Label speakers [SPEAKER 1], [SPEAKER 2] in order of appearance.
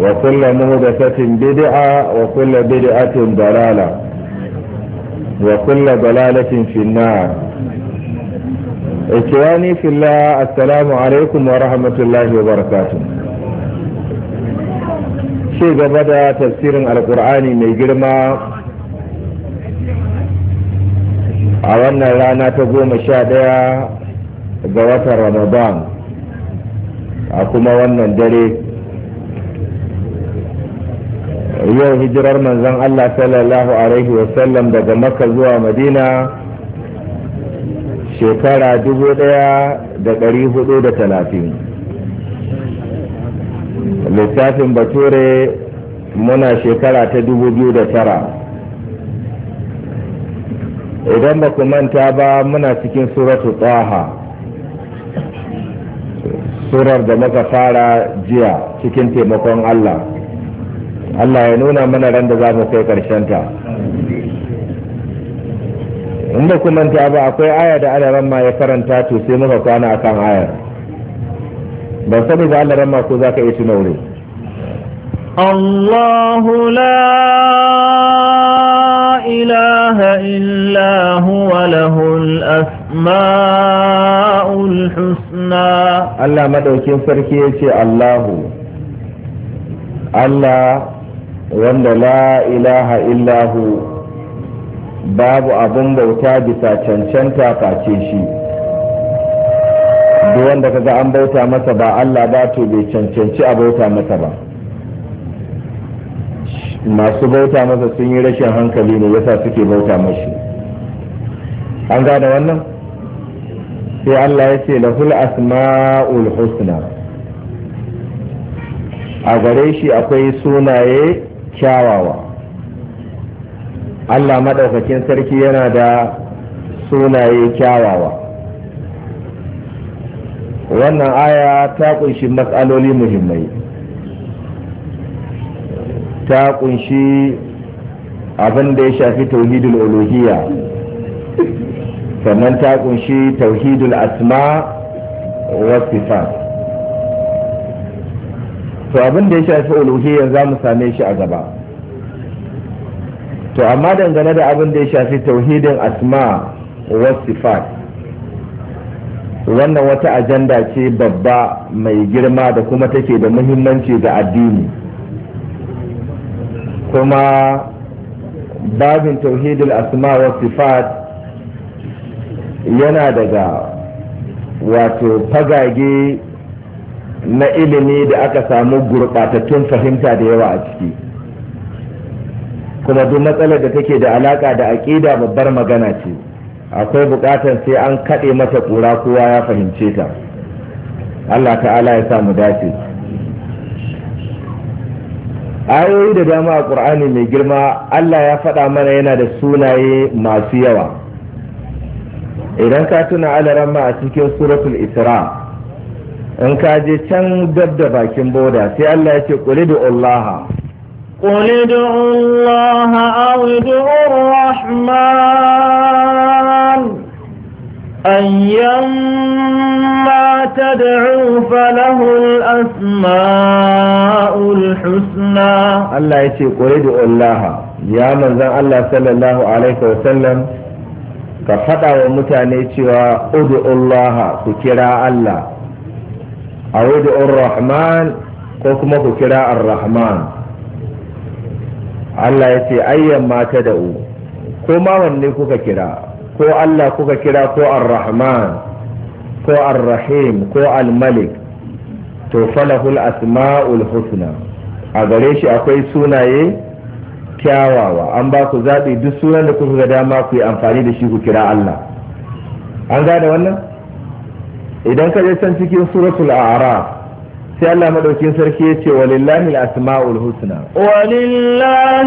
[SPEAKER 1] وكل مهدسة بدعة وكل بدعة ضلالة وكل ضلالة في النار إخواني في الله السلام عليكم ورحمة الله وبركاته شيء بدأ تفسير القرآن من جرمى a wannan rana ta goma sha ɗaya ga watan ramadan a kuma wannan dare yau hijirar manzon Allah sallallahu alaihi wasallam daga maka zuwa madina shekara dubu ɗaya da hudu da talatin littafin bature muna shekara ta dubu biyu da tara idan ba ku manta ba muna cikin suratu tsaha surar da muka fara jiya cikin taimakon Allah Allah ya nuna mana ran da za mu kai karshen ta inda kuma ta ba akwai aya da alaran ya karanta to sai muka kwana akan ayar ban sani ba alaran ko za ka iya tuna wuri الله لا إله إلا هو له الأسماء الحسنى الله مدعوكين فركيتي الله الله wanda la ilaha illahu babu abin bauta bisa cancanta face shi duk wanda kaga an bauta masa ba Allah ba to bai cancanci a bauta masa ba masu bauta masa sun yi rashin hankali ne yasa suke bauta mashi an gane wannan sai Allah ya ce lahul asma'ul husna a gare shi akwai sunaye kyawawa Allah maɗaukakin sarki yana da sunaye kyawawa wannan aya ta kunshi matsaloli muhimmai ta kunshi abin da ya shafi tauhidul uluhiyya sannan ta kunshi tauhidul asma wa sifat to abin da ya shafi uluhiyya za mu same shi a gaba to amma dangane da abin da ya shafi tauhidin asma wa sifat wannan wata ajanda ce babba mai girma da kuma take da muhimmanci ga addini kuma babin Tauhidin asma wa sifat yana daga wato fagage na ilimi da aka samu gurɓatattun fahimta da yawa a ciki kuma duk matsalar da take da alaƙa da aƙida babbar magana ce akwai buƙatar sai an kaɗe mata ƙura kowa ya fahimce ta allah ta'ala ya samu dace ayoyi da dama a ƙur'ani mai girma allah ya faɗa mana yana da sunaye masu yawa idan ka tuna alaramma a cikin suratul isra' in ka je can dab da bakin boda sai Allah ya ce kuli da Allah kuli da Allah awidu rahman ayyan ma ta da'ufa lahul asma'ul husna Allah ya ce kuli da Allah ya manzan Allah sallallahu alaihi wasallam ka faɗa mutane cewa udu Allah ku kira Allah a wadda rahman ko kuma ku kira ar-rahman Allah ya ce ayyan mata da'u ko wanne kuka kira ko Allah kuka kira ko ar-rahman ko ar-rahim ko al-malik to falahul asma'ul husna a gare shi akwai sunaye kyawawa an ba ku zaɓi duk sunan da kuka ga dama ku yi amfani da shi ku kira Allah an gane wannan idan ka je can cikin suratul a'raf sai Allah madaukin sarki ya ce walillahi al-asma'ul husna walillahi